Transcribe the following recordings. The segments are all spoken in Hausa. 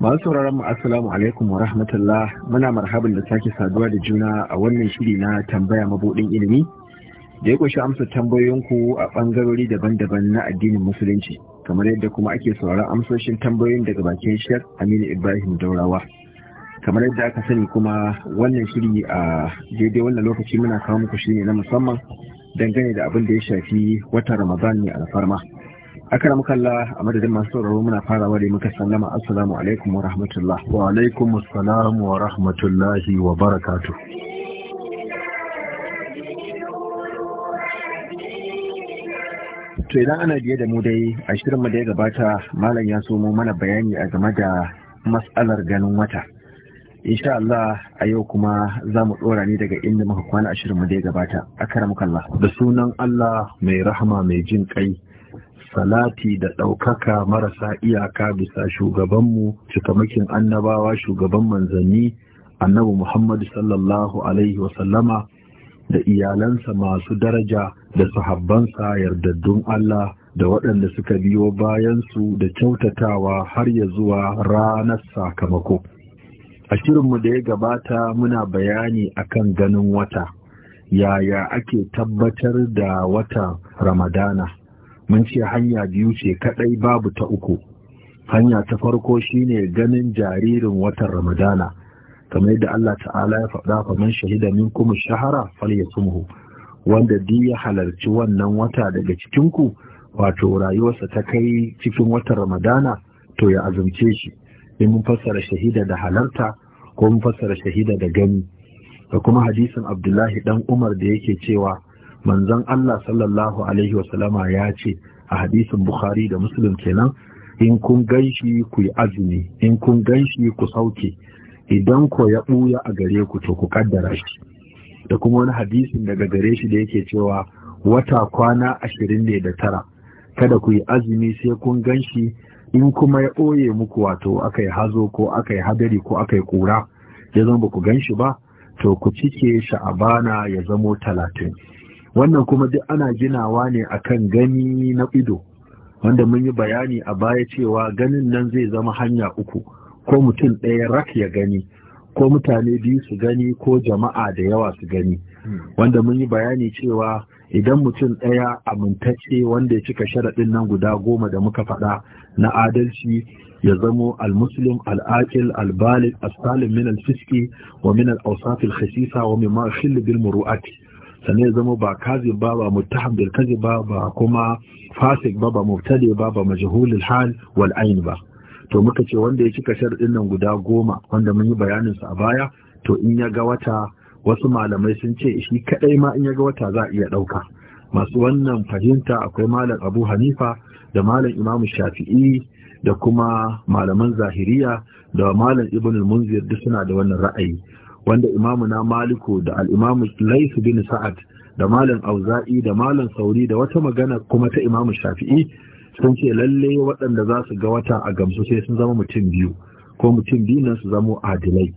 Masu sauraron mu assalamu alaikum wa rahmatullah muna marhaban da sake saduwa da juna a wannan shiri na tambaya mabudin ilimi da ya kunshi amsa tambayoyinku a ɓangarori daban-daban na addinin musulunci kamar yadda kuma ake sauraron amsoshin tambayoyin daga bakin shek aminu ibrahim daurawa kamar yadda aka sani kuma wannan shiri a daidai wannan lokaci muna kawo muku shiri na musamman dangane da abin da ya shafi watan ramadan ne alfarma akara mukalla a madadin masu sauraro muna farawa da muka sallama assalamu alaikum wa rahmatullah wa alaikum assalam wa rahmatullahi wa barakatuh to idan ana biye da mu dai a shirin da ya gabata malam ya somo mana bayani a game da matsalar ganin wata insha Allah a yau kuma za mu ɗora ne daga inda muka kwana a shirin da ya gabata a karamukallah da sunan Allah mai rahama mai jin kai salati da ɗaukaka marasa iyaka bisa shugabanmu cikamakin annabawa shugaban manzanni annabi Muhammadu sallallahu alaihi wasallama da iyalansa masu daraja da sahabbansa yardaddun Allah da waɗanda suka biyo bayansu da kyautatawa har ya zuwa ranar sakamako. A shirinmu da ya gabata muna bayani akan ganin wata, yaya ake tabbatar da wata Ramadana. Mun ce hanya biyu ce kaɗai babu ta uku. Hanya ta farko shine ganin jaririn watan Ramadana. kamar da Allah ta'ala ya faɗa fa man shahida minkum shahara falyasumhu wanda duk ya halarci wannan wata daga cikin ku wato rayuwarsa ta kai cikin watan Ramadana to ya azumce shi in mun fassara shahida da halarta ko mun fassara shahida da gani da kuma hadisin Abdullahi dan Umar da yake cewa manzon Allah sallallahu alaihi wasallama ya ce a hadisin Bukhari da Muslim kenan in kun ganshi ku yi azumi in kun ganshi ku sauke idan ko ya ɓuya a gare ku to ku kaddara shi da kuma wani hadisin daga gare shi da yake cewa wata kwana ashirin ne da tara kada ku yi azumi sai kun gan shi in kuma ya ɓoye muku wato aka yi hazo ko aka yi hadari ko aka yi ƙura ya zama ku gan shi ba to ku cike sha'abana ya zamo talatin wannan kuma duk ana ginawa ne akan gani na ido wanda mun yi bayani a baya cewa ganin nan zai zama hanya uku ko mutum ɗaya rak ya gani ko mutane biyu su gani ko jama'a da yawa su gani hmm. wanda mun yi bayani cewa idan mutum ɗaya amintacce wanda ya cika sharaɗin nan guda goma da muka faɗa na adalci ya zamo almuslim al'aqil albalik as-salim min al-fiski wa min al-awsaf al-khasisa wa ma yashillu bil sannan ya zamo ba kazi ba ba muttaham bil kazi ba ba kuma fasik ba ba mubtadi ba ba al hal wal ayn ba to muka ce wanda ya cika sharuɗin nan guda goma wanda mun yi bayanin su a baya to in ya ga wata wasu malamai sun ce shi kadai ma in ya ga wata za a iya ɗauka masu wannan fahimta akwai malam abu hanifa da malam imamu shafi'i da kuma malaman zahiriya da malam ibn munzir duk suna da wannan ra'ayi wanda imamu na maliku da al'imamu Lais bin sa'ad da malam auza'i da malam sauri da wata magana kuma ta imamu shafi'i sun ce lalle waɗanda za su ga wata a gamsu sai sun zama mutum biyu ko mutum biyu nan su zamo adilai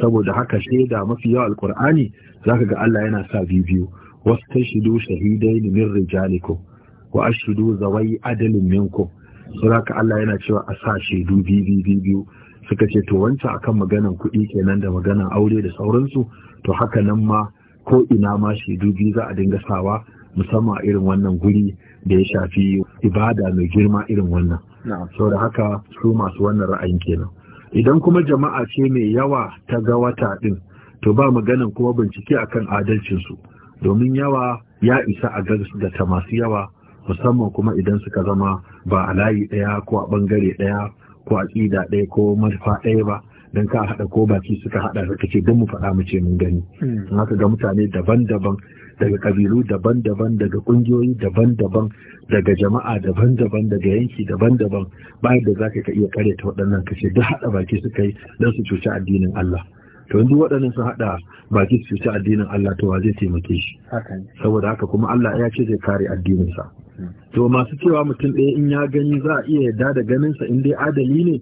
saboda haka shaida mafi yawa alkur'ani ka ga Allah yana sa biyu biyu wasu ta shahidai shahidaini min rijalikum wa shidu zawai adalin za ka Allah yana cewa a sa shaidu biyu biyu biyu suka ce to wancan akan maganan kuɗi kenan da maganan aure da sauransu to haka nan ma ko ina ma shaidu biyu za a dinga sawa musamman irin wannan guri da ya shafi ibada mai girma irin wannan saboda haka su masu wannan ra'ayin kenan idan kuma jama'a ce mai yawa ta ga wata ɗin, to ba maganin kuma bincike akan adalcinsu domin yawa ya isa a da ta masu yawa musamman kuma idan suka zama ba a layi ɗaya ko a ɓangare ɗaya ko a tsida ɗaya ko manufa ɗaya ba dan ka haɗa ko baki suka haɗa da kake don mu faɗa mu ce mun gani in hmm. haka ga mutane daban-daban daga ƙabilu daban-daban daga ƙungiyoyi daban-daban daga jama'a daban-daban daga yanki daban-daban bayan da za ka iya ta waɗannan kashe duk haɗa baki suka yi don su cuci addinin Allah to yanzu waɗannan sun haɗa baki su cuci addinin Allah to wa zai taimake shi saboda haka kuma Allah ya ce zai kare addininsa to masu cewa mutum ɗaya in ya gani za a iya yarda da ganinsa in dai adali ne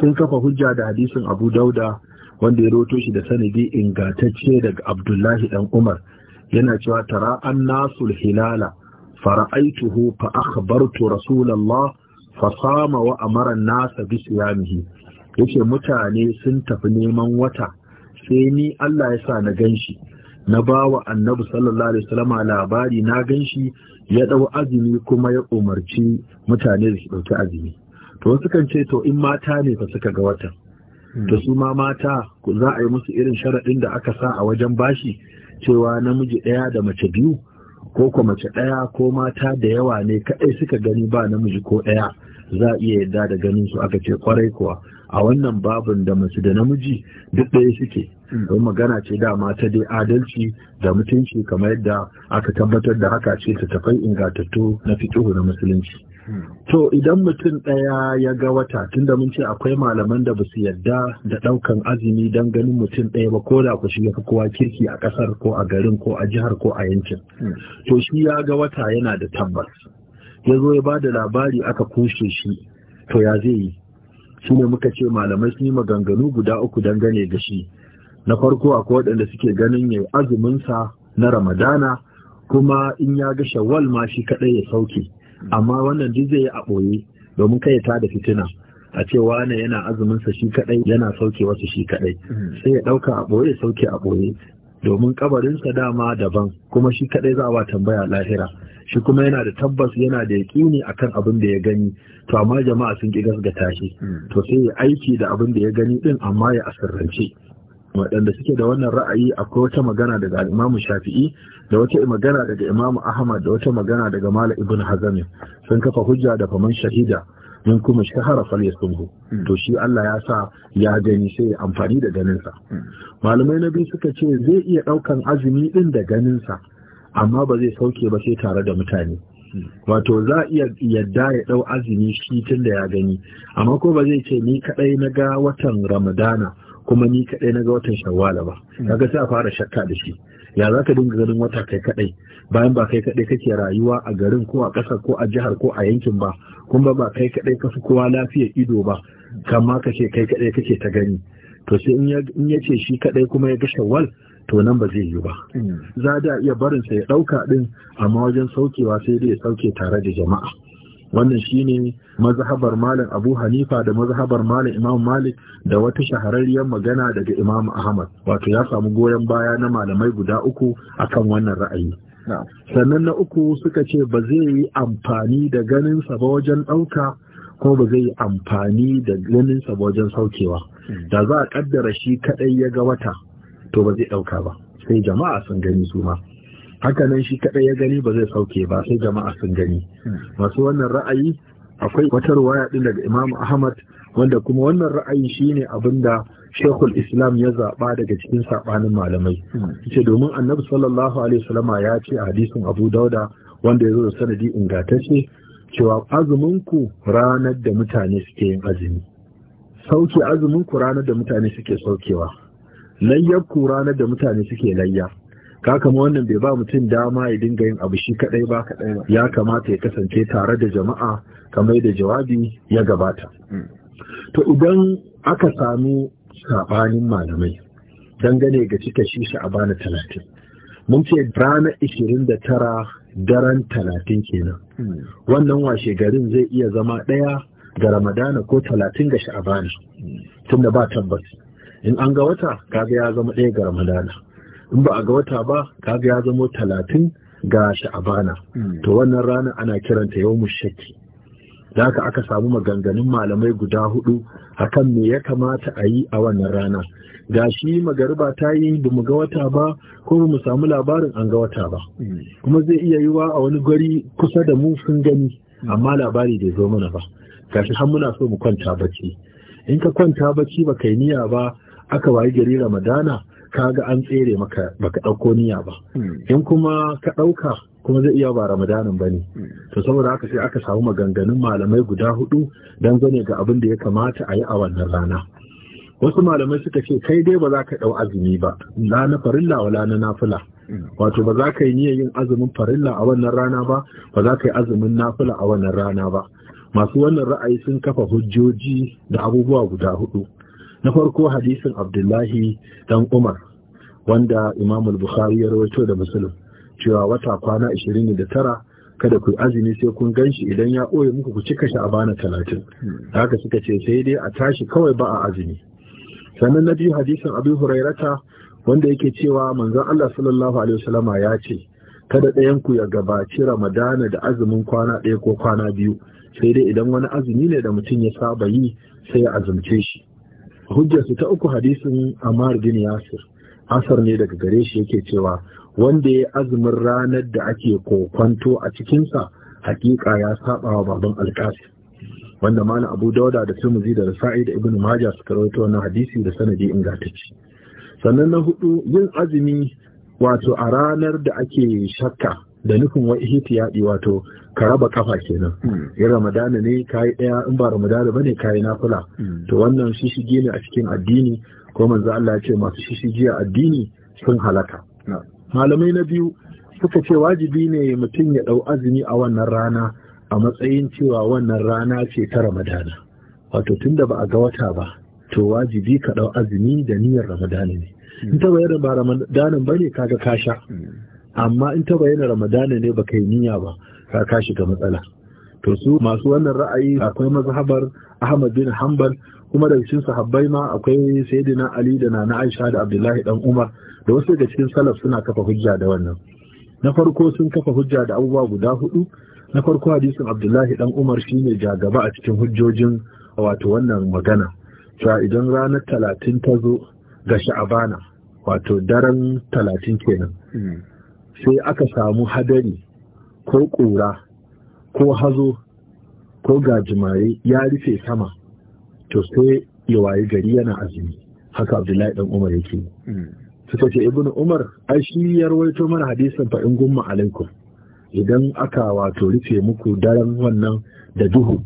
sun kafa hujja da hadisin abu dauda wanda ya roto shi da sanadi ingantacce daga abdullahi dan umar yana cewa tara an nasul hilala fara'aituhu fa akhbartu rasulullah fa sama wa amara nasa bi siyamihi yace mutane sun tafi neman wata sai ni Allah ya sa na ganshi na bawa annabi sallallahu alaihi wasallam labari na ganshi ya dau azumi kuma ya umarci mutane da su dauki azumi to wasu kan ce to in mata ne ba suka ga watan da hmm. su ma mata za a yi musu irin sharaɗin da aka sa a wajen bashi cewa namiji ɗaya da mace biyu ko ko mace ɗaya ko mata da yawa ne kaɗai suka gani ba namiji ko ɗaya za a iya yadda da ganin su aka ce kwarai kuwa a wannan babin da mace da namiji duk ɗaya suke hmm. don magana ce da mata dai adalci da mutunci kamar yadda aka tabbatar da haka ce ta tafai ingantattu na fituhu na musulunci. To idan mutum ɗaya ya ga wata tunda mun ce akwai malaman da ba su yadda da ɗaukan azumi don ganin mutum ɗaya ba ko da ku shiga kowa kirki a ƙasar ko a garin ko a jihar ko a yankin. Hmm. To shi ya ga wata yana da tabbas. Ya zo ya ba da labari aka kushe shi to ya zai yi. Shi ne muka ce malamai sun yi maganganu guda uku gane ga shi. Na farko akwai waɗanda suke ganin ya azuminsa na Ramadana kuma in ya ga shawwal ma shi kaɗai ya sauke. amma wannan duk zai yi a ɓoye domin kai ta da fitina a ce wane yana azumin shi kaɗai yana sauke wasu shi kaɗai. Mm. sai ya ɗauka a ɓoye sauke a ɓoye domin kabarinsa dama daban kuma shi kaɗai za a ba tambaya lahira shi kuma yana da tabbas yana da yaƙini akan abin da ya gani to amma jama'a sun ki gasgata shi mm. to sai ya aiki da abin da ya gani din amma ya asirrance waɗanda suke da wannan ra'ayi akwai wata magana daga al'imamu shafi'i da wata magana daga imamu ahmad da wata magana daga mala ibn hazami sun kafa hujja da faman shahida in kuma shahara fal yasbuhu hmm. to shi Allah ya sa ya gani sai ya amfani da ganinsa hmm. malamai na biyu suka ce zai iya daukan azumi din da ganinsa amma ba zai sauke ba sai tare da mutane hmm. wato za a iya yadda ya dau azumi shi tun da ya gani amma ko ba zai ce ni kadai na ga watan ramadana kuma ni kadai na ga watan shawwala ba kaga sai a fara shakka da shi ya za ka dinga ganin wata kai kadai bayan ba kai kadai kake rayuwa a garin ko a ƙasa ko a jihar ko a yankin ba kuma ba kai kadai ka kowa lafiya ido ba kama ka ce kai kadai kake ta gani to sai in ya ce shi kadai kuma ya ga shawwal to nan ba zai yi ba hmm. za da iya barinsa ya ɗauka din, amma wajen saukewa sai dai ya sauke tare da jama'a wannan shine mazhabar malam Abu Hanifa da mazhabar malam Imam Malik da wata shahararriyar magana daga Imam Ahmad wato ya samu goyon baya na malamai guda uku akan wannan ra'ayi sannan na uku suka ce ba zai yi amfani da ganin ba wajen ɗauka ko ba zai yi amfani da ganin ba wajen saukewa hmm. da za a kaddara shi kaɗai ya ga wata to ba zai ɗauka ba sai jama'a sun gani su ma haka nan shi kaɗai ya gani ba zai sauke ba sai jama'a sun gani masu wannan ra'ayi akwai wata ruwaya ɗin daga imam ahmad wanda kuma wannan ra'ayi shine abin da shekul islam ya zaɓa daga cikin saɓanin malamai ce domin annabi sallallahu alaihi wasallama ya ce a hadisin abu dauda wanda ya zo da sanadi ingantacce cewa azuminku ranar da mutane suke yin azumi sauke azuminku ranar da mutane suke saukewa layyarku ranar da mutane suke layya ka kama wannan bai ba mutum dama ya dinga yin abu shi kadai ba kadai ba ya kamata ya kasance tare da jama'a kamar da jawabi ya gabata mm. to idan aka sami sabanin malamai dangane ga cika shi sha'abana talatin mun ce rana ishirin da tara daren talatin kenan mm. wannan washe garin zai iya zama ɗaya ga ramadana ko talatin ga sha'abana mm. tunda ba tabbas in an ga wata kaga ya zama ɗaya ga ramadana in ba a ga wata ba kaga ya zamo talatin ga sha'abana hmm. to wannan rana ana kiranta yau mu shakki da haka aka samu maganganun malamai guda hudu akan me ya kamata a yi a wannan rana ga shi magariba ta yi ba mu ga wata ba ko mu samu labarin an ga wata ba hmm. kuma zai iya yiwa a wani gari kusa da mu sun gani hmm. amma labari bai zo mana ba gashi har muna so mu kwanta bacci in ka kwanta bacci ba kai niyya ba aka wayi gari ramadana kaga an tsere maka baka ɗauko niyya ba hmm. in kuma ka ɗauka kuma zai iya ba ramadanin ba ne hmm. to saboda haka sai aka samu maganganun malamai guda hudu don zane ga abin da ya kamata a yi a wannan rana wasu malamai suka ce kai dai ba za ka ɗau azumi ba la na farilla wala na nafila hmm. wato ba za ka yi niyyar yin azumin farilla a wannan rana ba ba za ka yi azumin nafila a wannan rana ba masu wannan ra'ayi sun kafa hujjoji da abubuwa guda hudu na farko hadisin abdullahi dan umar wanda imam bukhari ya rawaito da muslim cewa wata kwana 29 kada ku azumi sai kun ganshi idan ya ɓoye muku ku cika shi a bana 30 haka suka ce sai dai a tashi kawai ba a azumi sannan na biyu hadisin abin hurairata wanda yake cewa manzon Allah sallallahu alaihi wasallama ya ce kada ɗayan ku ya gabaci ramadana da azumin kwana ɗaya ko kwana biyu sai dai idan wani azumi ne da mutum ya saba yi sai ya azumce shi hujjarsu ta uku hadisin Ammar bin Yasir asar ne daga gare shi yake cewa wanda ya azumin ranar da ake kokwanto a cikinsa hakika ya saba wa baban alkasi wanda mana abu dauda da turmuzi da rasa'i da ibn maja suka rawaito wannan hadisi da sanadi ingantacci sannan na hudu yin azumi wato a ranar da ake shakka da nufin wa yaɗi, wato ka raba kafa kenan hmm. in ramadana ne kayi daya in ba ramadana bane kayi nafila hmm. to wannan shishige ne a cikin addini ko manzo Allah ce masu shishige a addini sun halaka malamai na biyu suka ce wajibi ne mutum ya ɗau azumi a wannan rana a matsayin cewa wannan rana ce ta ramadana wato tunda ba a ga wata ba to wajibi ka ɗau azumi da niyyar ramadana ne hmm. in ta bayar ba ramadanin bane kaga ka sha amma in ta bayyana ramadana ne baka yi niyya ba ka ka shiga matsala to su masu wannan ra'ayi akwai mazhabar Ahmad bin Hanbal kuma daga cikin sahabbai ma akwai Sayyidina Ali da Nana Aisha da Abdullahi dan Umar da wasu daga cikin salaf suna kafa hujja da wannan na farko sun kafa hujja da abubuwa guda hudu na farko hadisin Abdullahi dan Umar shine jagaba a cikin hujjojin wato wannan magana cewa idan ranar talatin ta zo ga sha'abana wato daren talatin kenan hmm. sai aka samu hadari ko ƙura ko hazo ko gajimare ya rufe sama to sai ya wayi gari yana azumi haka abdullahi dan umar yake suka ce ibnu umar ai shi ya rawaito mana hadisin fa in gumma alaikum idan aka wato rufe muku daren wannan da duhu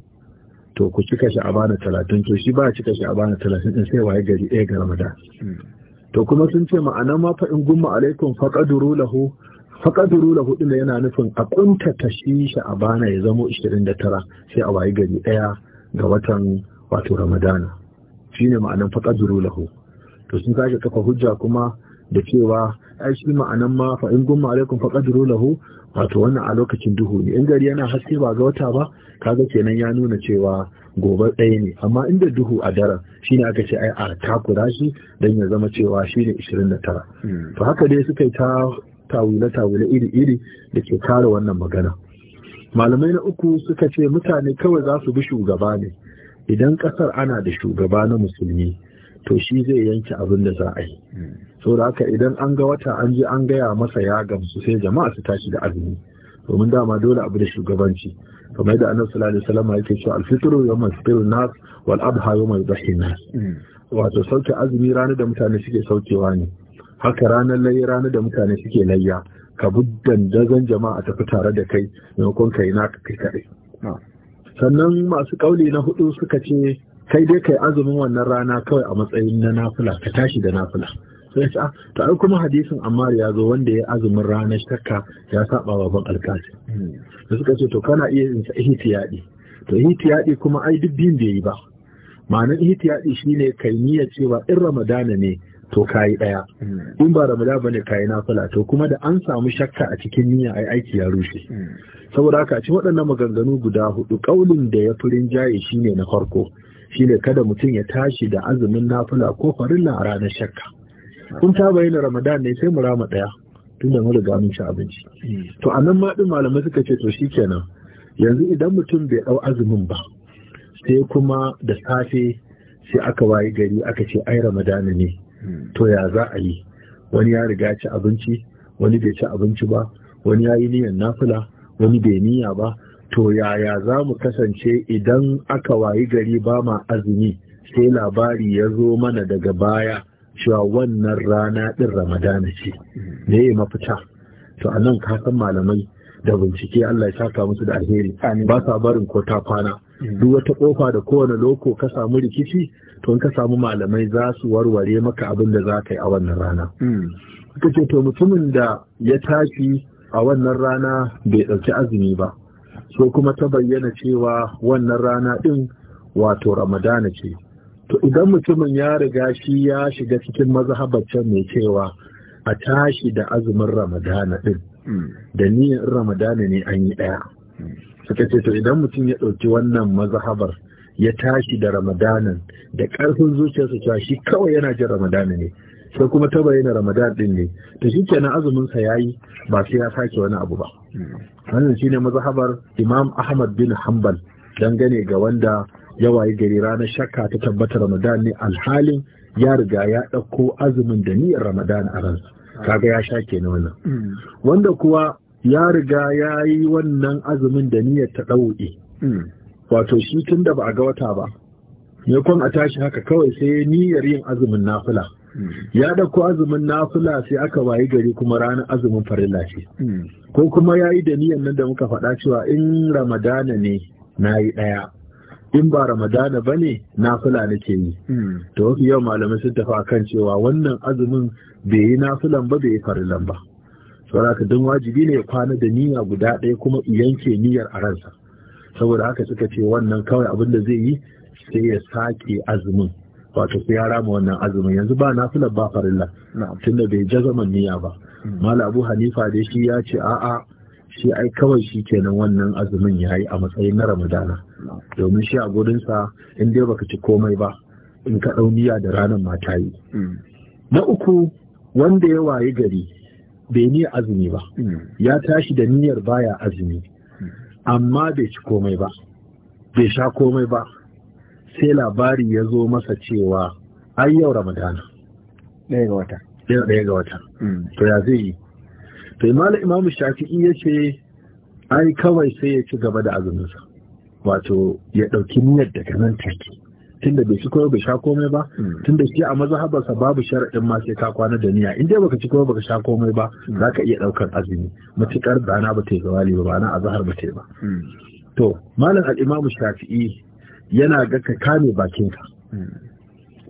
to ku cika shi abana talatin to shi ba cika shi abana talatin din sai waye gari ɗaya ga ramadan hmm. to kuma sun ce ma'ana ma fa in gumma alaikum fa lahu faƙaduru da hudu da yana nufin a ƙuntata shi a bana ya zamo 29 sai a wayi gari ɗaya ga watan wato ramadana shine ma'anan faƙaduru lahu to sun sake kafa hujja kuma da cewa ai shi ma'anan ma fa in gumma alaikum faqadru lahu wato wannan a lokacin duhu ne in gari yana haske ba ga wata ba kaga kenan ya nuna cewa gobe ɗaya ne amma inda duhu a daren shi ne aka ce ai a takura shi dan ya zama cewa shi ne 29 hmm. to haka dai suka yi ta tawile-tawile iri-iri da ke kare wannan magana malamai na uku suka ce mutane kawai za su bi shugaba ne idan ƙasar ana da shugaba na musulmi to shi zai yanke abin da za a yi so da haka idan an ga wata an ji an gaya masa ya gamsu sai jama'a su tashi da azumi domin dama dole abu da shugabanci kamar da annabi sallallahu alaihi wasallam yake cewa al-fitru nas wal adha yawma wato sauke azumi ranar da mutane suke saukewa ne haka ranar layya ranar da mutane suke layya ka buddan dazan jama'a tafi tare da kai maimakon kai naka kai kaɗai sannan masu ƙauli na hudu suka ce kai dai kai azumin wannan rana kawai a matsayin na nafula ka tashi da nafula sai ta ah, ai kuma hadisin Ammar ya zo wanda ya azumin ranar shakka ya saba ban alƙasi hmm. da suka ce to kana iya yin ihtiyadi to ihtiyadi kuma ai duk biyun bai yi ba ma'anar ihtiyadi shine kai niyya cewa in Ramadana ne to kayi ɗaya in ba ramada ba ne kayi nafila to kuma da an samu shakka a cikin niyya ai aiki ya rushe saboda haka ci waɗannan maganganu guda hudu kaulin da ya fi rinjaye shine na farko shine kada mutum ya tashi da azumin nafila ko farilla a ranar shakka kun ta bayyana ramadan ne sai mu rama ɗaya tun da mun riga mun ci abinci to a nan ma ɗin malamai suka ce to shikenan yanzu idan mutum bai ɗau azumin ba sai kuma da safe sai aka wayi gari aka ce ai ramadana ne to ya za a yi wani ya riga ci abinci wani bai ci abinci ba wani ya yi niyan nafila wani bai niyya ba to yaya za mu kasance idan aka wayi gari ba ma azumi sai labari ya zo mana daga baya cewa wannan rana ɗin ramadana ce me ya mafita to a nan kasan malamai da bincike Allah ya saka musu da alheri ba sa barin ko ta kwana duk wata kofa da kowane loko ka samu rikici to in ka samu malamai za su warware maka abin da za ka yi a wannan rana suka hmm. ce to mutumin da ya tashi a wannan rana bai ɗauki azumi ba so kuma ta bayyana cewa wannan rana ɗin wato ramadana ce to idan mutumin ya riga shi ya shiga cikin mazhabaccen mai cewa a tashi da azumin ramadana ɗin hmm. da niyyar ramadana ne an yi ɗaya hmm. suka ce to idan mutum ya ɗauki wannan mazhabar ya tashi da ramadanan da ƙarfin zuciyarsa cewa shi kawai yana jin ramadana ne sai kuma ta bayyana ramadan din ne to shi kenan azumin sa yayi ba sai ya sake wani abu ba wannan shine mazhabar imam ahmad bin hanbal dangane ga wanda ya wayi gari ranar shakka ta tabbata ramadan ne alhalin ya riga ya ɗauko azumin da niyyar ramadan a ransa kaga ya sha kenan wannan mm. wanda kuwa ya riga ya yi wannan azumin da niyyar ta ɗau'i hmm. wato shi tun da ba a ga wata ba ne kwan a tashi haka kawai sai ya niyyar yin azumin nafula? Hmm. ya ɗauko azumin nafula sai aka wayi gari kuma ranar azumin farilla ce hmm. ko kuma ya yi da niyyar nan da muka faɗa cewa in ramadana ne na yi ɗaya in ba ramadana ba ne na ke yi to wasu yau malamai sun tafi akan cewa wannan azumin bai yi nafulan ba bai yi farilan ba saboda haka don wajibi ne ya kwana da niyya guda ɗaya kuma yanke niyyar a ransa saboda haka suka ce wannan kawai abin da zai yi sai ya sake azumin wato sai ya rama wannan azumin yanzu ba na nafilar ba farilla tunda bai jazaman niyya ba hmm. mala abu hanifa da shi ya ce a'a shi ai kawai shi kenan wannan azumin ya yi a matsayin na ramadana domin shi a gurinsa in dai baka ci komai ba in ka ɗau niyya da ranar mata yi hmm. na uku wanda ya wayi gari bai niyyar azumi ba ya tashi da niyyar baya azumi amma bai ci komai ba bai sha komai ba sai labari ya zo masa cewa ai yau ramadana ɗaya ga wata ɗaya ga wata hmm. to ya zai yi to imala imamu shafi'i ya ce ai kawai sai ya ci gaba da azuminsa wato ya ɗauki niyyar daga nan take tunda bai ci koyo bai sha komai ba hmm. tunda shi a mazhabarsa babu sharaɗin ma sai ka kwana da niyya in dai baka ci koyo baka sha komai ba hmm. za ka iya ɗaukar azumi matukar rana ba ta yi zawali ba ba na azhar ba ta yi ba hmm. to malam al shafi'i yana ga ka kame bakinka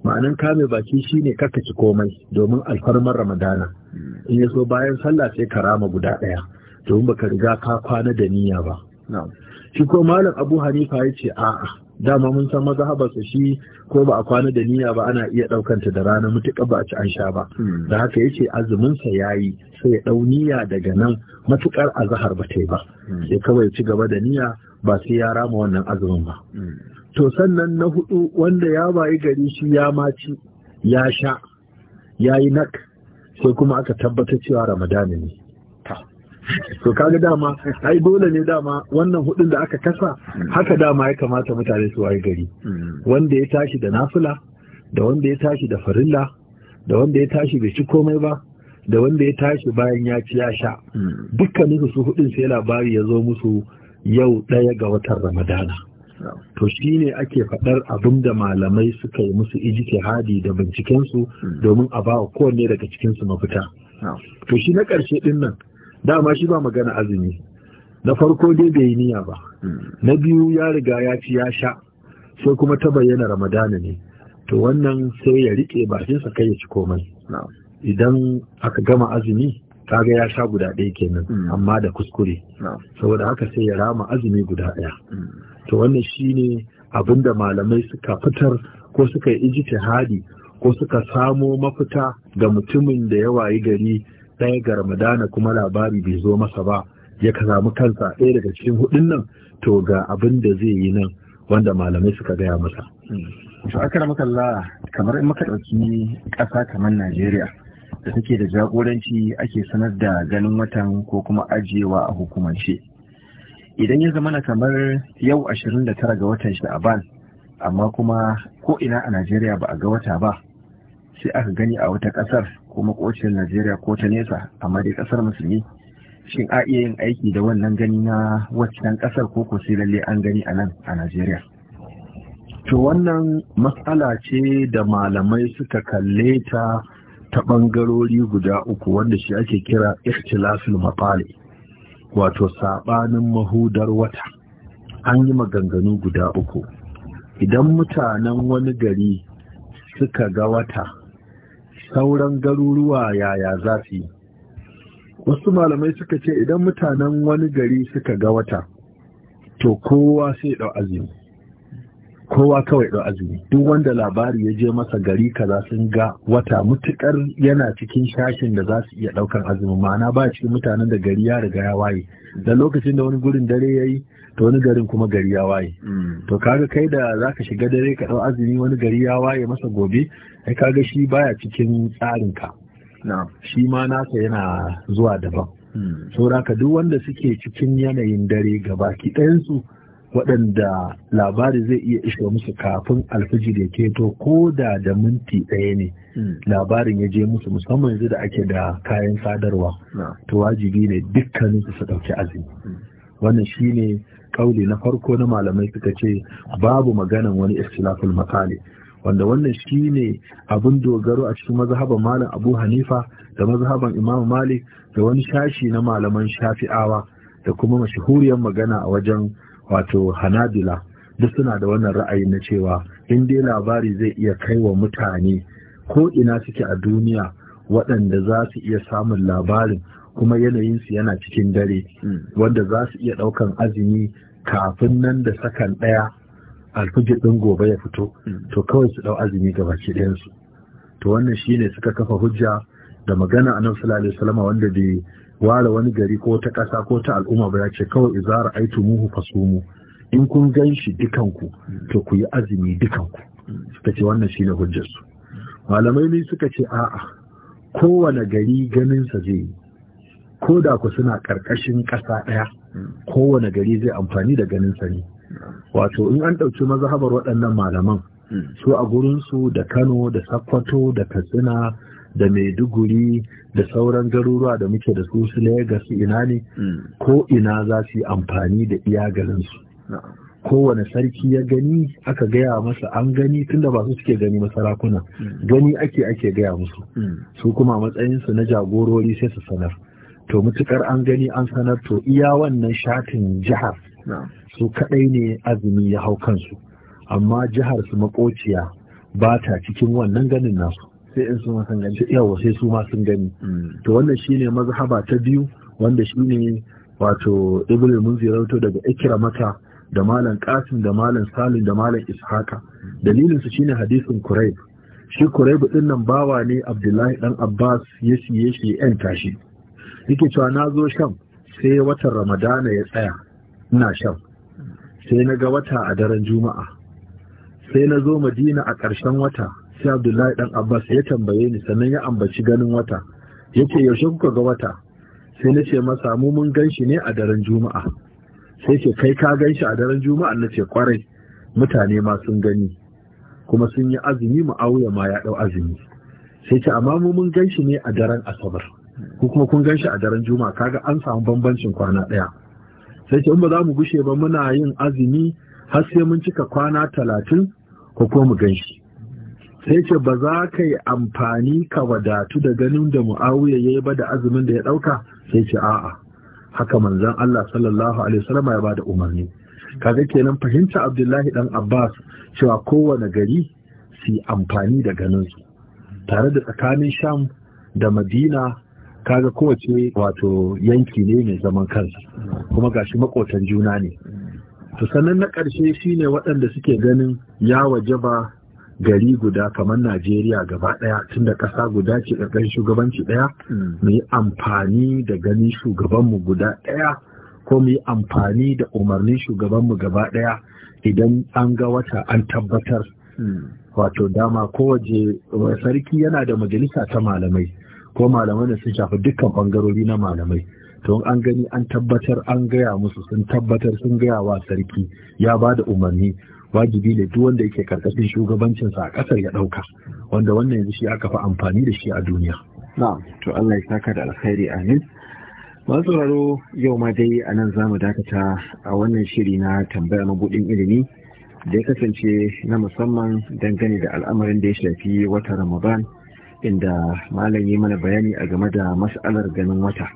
ma'anan kame baki shine kaka ci komai domin alfarmar ramadana in ya so bayan sallah sai ka rama guda ɗaya domin baka riga ka kwana da niyya ba shi ko malam abu hanifa ya ce a'a dama mun san mazhabarsa shi ko ba a kwana da niyya ba ana iya ɗaukanta da rana mutuƙa ba a ci an sha ba hmm. da haka yace azumin sa yayi sai ya ɗau niyya daga nan matukar azhar ba ta yi ba hmm. sai kawai ci gaba da niyya ba sai ya rama wannan azumin ba hmm. to sannan na hudu wanda ya bayi gari shi ya maci ya sha ya yi nak sai kuma aka tabbatar cewa ramadana ne to kaga dama ai dole ne dama wannan hudun da aka kasa haka dama ya kamata mutane su waye gari wanda ya tashi da nafila da wanda ya tashi da farilla da wanda ya tashi bai ci komai ba da wanda ya tashi bayan ya ci ya sha dukkanin su hudun sai labari ya zo musu yau daya ga watan ramadana to shi ne ake faɗar abin da malamai suka yi musu hadi da bincikensu domin a ba kowanne daga cikinsu mafita to shi na ƙarshe ɗin nan dama shi ba magana azumi na farko dai bai yi niyya ba na biyu ya riga ya ci ya sha sai kuma ta bayyana ramadana ne to wannan sai ya rike bakinsa kai ya ci komai idan aka gama azumi kaga ya sha guda ɗaya kenan mm. amma da kuskure saboda haka sai ya rama azumi guda ɗaya mm. to wannan shine abin da malamai suka fitar ko suka yi hadi ko suka samo mafita ga mutumin da ya wayi gari ɗaya ga ramadana kuma labari bai zo masa ba ya ka samu kansa ɗaya daga cikin hudun nan to ga abin da zai yi nan wanda malamai suka gaya masa. Wasu aka kamar in maka ƙasa kamar najeriya da take da jagoranci ake sanar da ganin watan ko kuma ajiyewa a hukumance idan ya zama na kamar yau ashirin da tara ga watan sha'aban amma kuma ko ina a najeriya ba a ga wata ba sai aka gani a wata kasar ko makocin najeriya ko ta nesa amma dai kasar musulmi shin a iya yin aiki da wannan gani na waccan kasar ko ko sai lalle an gani a nan a najeriya to wannan matsala ce da malamai suka kalle ta ta ɓangarori guda uku wanda shi ake kira ikhtilafil mafali wato sabanin mahudar wata an yi maganganu guda uku idan mutanen wani gari suka ga wata sauran garuruwa yaya za su yi wasu malamai suka ce idan mutanen wani gari suka ga wata to kowa sai ɗau azumi kowa kawai ɗau azumi duk wanda labari ya je masa gari kaza sun ga wata mutukar yana cikin shashin da za su iya ɗaukar azumi ma'ana ba cikin mutanen da gari ya riga ya waye da lokacin da wani gurin dare ya yi to wani garin kuma gari ya waye mm. to kaga kai da zaka shiga dare ka dau azumi wani gari ya waye masa gobe ai kaga shi baya cikin tsarin ka shi ma nasa yana zuwa daban mm. saboda ka duk wanda suke cikin yanayin dare gaba ɗayansu waɗanda labari zai iya isho musu kafin alfijir ya keto ko da da minti ɗaya ne mm. labarin ya je musu musamman yanzu da ake da kayan sadarwa to wajibi ne dukkanin su su ɗauki azumi wannan shi ne. kauli na farko na malamai suka ce babu maganan wani istilafin makali wanda wannan shi ne abin dogaro a cikin mazhaban malam Abu Hanifa da mazhaban Imam Malik da wani shashi na malaman Shafi'awa da kuma mashahuriyar magana a wajen wato Hanabila duk suna da wannan ra'ayi na cewa in dai labari zai iya kai wa mutane ko ina suke a duniya waɗanda za su iya samun labarin kuma yanayinsu yana cikin dare mm. wanda za su iya ɗaukan azumi kafin nan da sakan ɗaya alfijir ɗin gobe ya fito hmm. to kawai su ɗau azumi gaba baki ɗayansu to wannan shine suka kafa hujja da magana a nan alaihi salama wanda bai ware wani gari ko ta ƙasa ko ta al'umma ba ya ce kawai izara aitu muhu fasumu in kun gan shi dukanku hmm. to ku yi azumi dukanku hmm. suka ce wannan shine hujjarsu malamai ne suka ce a'a kowane gari ganinsa zai yi ko da ku suna ƙarƙashin ƙasa ɗaya kowane gari zai amfani da ganin sani wato in an ɗauki mazahabar waɗannan malaman su a gurinsu da kano da sakkwato da katsina da maiduguri da sauran garuruwa da muke da su su lagos ina ne ko ina za su yi amfani da iya Ko kowane sarki ya gani aka gaya masa an gani tunda ba su suke gani masarakuna gani ake ake gaya musu su kuma matsayinsu na jagorori sai su sanar to mutukar an gani an sanar to iya wannan shatin jihar su kadai ne azumi ya hau kansu amma jihar su makociya ba ta cikin wannan ganin nasu sai in su sun gani yawa sai su ma sun gani hmm. to wannan shine mazhaba ta biyu wanda shine wato ibnu munzir rawato daga ikramata da malam qasim da malam salim da malam ishaqa hmm. dalilin su shine hadisin kurayb shi kurayb din nan bawa ne abdullahi dan abbas ya siye yan tashi yake cewa na zo shan sai watan ramadana ya tsaya ina shan sai na ga wata a daren juma'a sai na zo madina a ƙarshen wata sai abdullahi dan abbas ya tambaye ni sannan ya ambaci ganin wata yake yaushe kuka ga wata sai na ce masa mu mun ganshi ne a daren juma'a sai ce kai ka gan shi a daren juma'a na ce kwarai mutane ma sun gani kuma sun yi azumi auya ma ya dau azumi sai ce amma mu mun ganshi ne a daren asabar ko kuma kun gan shi a daren juma'a kaga an samu bambancin kwana ɗaya sai ce in ba za mu gushe ba muna yin azumi har sai mun cika kwana talatin ko kuma mu gan shi sai ce ba za ka yi amfani ka wadatu da ganin da mu'awiya ya yi ba da azumin da ya ɗauka sai ce a'a haka manzon Allah sallallahu alaihi wasallam ya bada umarni kaga kenan fahimta Abdullahi dan Abbas cewa kowane gari su amfani da ganin su tare da tsakanin Sham da Madina kaga kowace wato yanki ne mai zaman kansa kuma gashi makotan juna ne to sannan na ƙarshe shine waɗanda suke ganin ya ba gari guda kamar Najeriya gaba ɗaya tunda ƙasa guda ce ƙarƙashin shugabanci ɗaya hmm. mu yi amfani da ganin shugabanmu guda ɗaya ko mu yi amfani da umarnin shugabanmu gaba ɗaya idan an ga wata an tabbatar hmm. wato dama kowace sarki yana da majalisa ta malamai ko malamai da sun shafi dukkan bangarori na malamai to an gani an tabbatar an gaya musu sun tabbatar sun gaya wa sarki ya ba da umarni wajibi ne duk wanda yake karkashin shugabancin shugabancinsa a ƙasar ya ɗauka wanda wannan yanzu shi aka fi amfani da shi a duniya. Na'am, to Allah ya saka da alkhairi amin. Masu yau ma dai a nan zamu dakata a wannan shiri na tambaya mabudin ilimi da ya kasance na musamman dangane da al'amarin da ya shafi wata Ramadan inda malam yi mana bayani a game da mas'alar ganin wata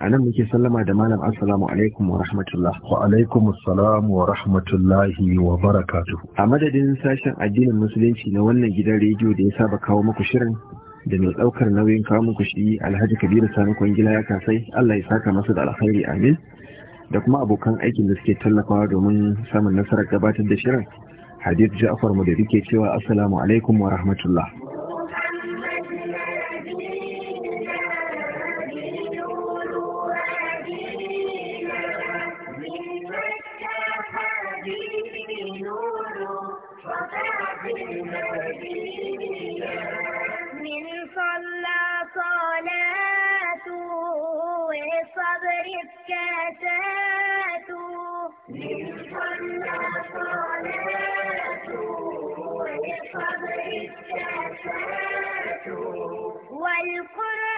a nan muke sallama da malam assalamu alaikum wa rahmatullah wa alaikum assalam wa rahmatullahi wa barakatuh a madadin sashen addinin musulunci na wannan gidan rediyo da ya saba kawo muku shirin da mai daukar nauyin kawo muku shi alhaji kabiru sani kwangila ya kasai allah ya saka masa da alkhairi amin da kuma abokan aikin da suke tallafawa domin samun nasarar gabatar da shirin hadith ja'far mu da rike cewa assalamu alaikum wa rahmatullah الصبر الشفاة والقرآن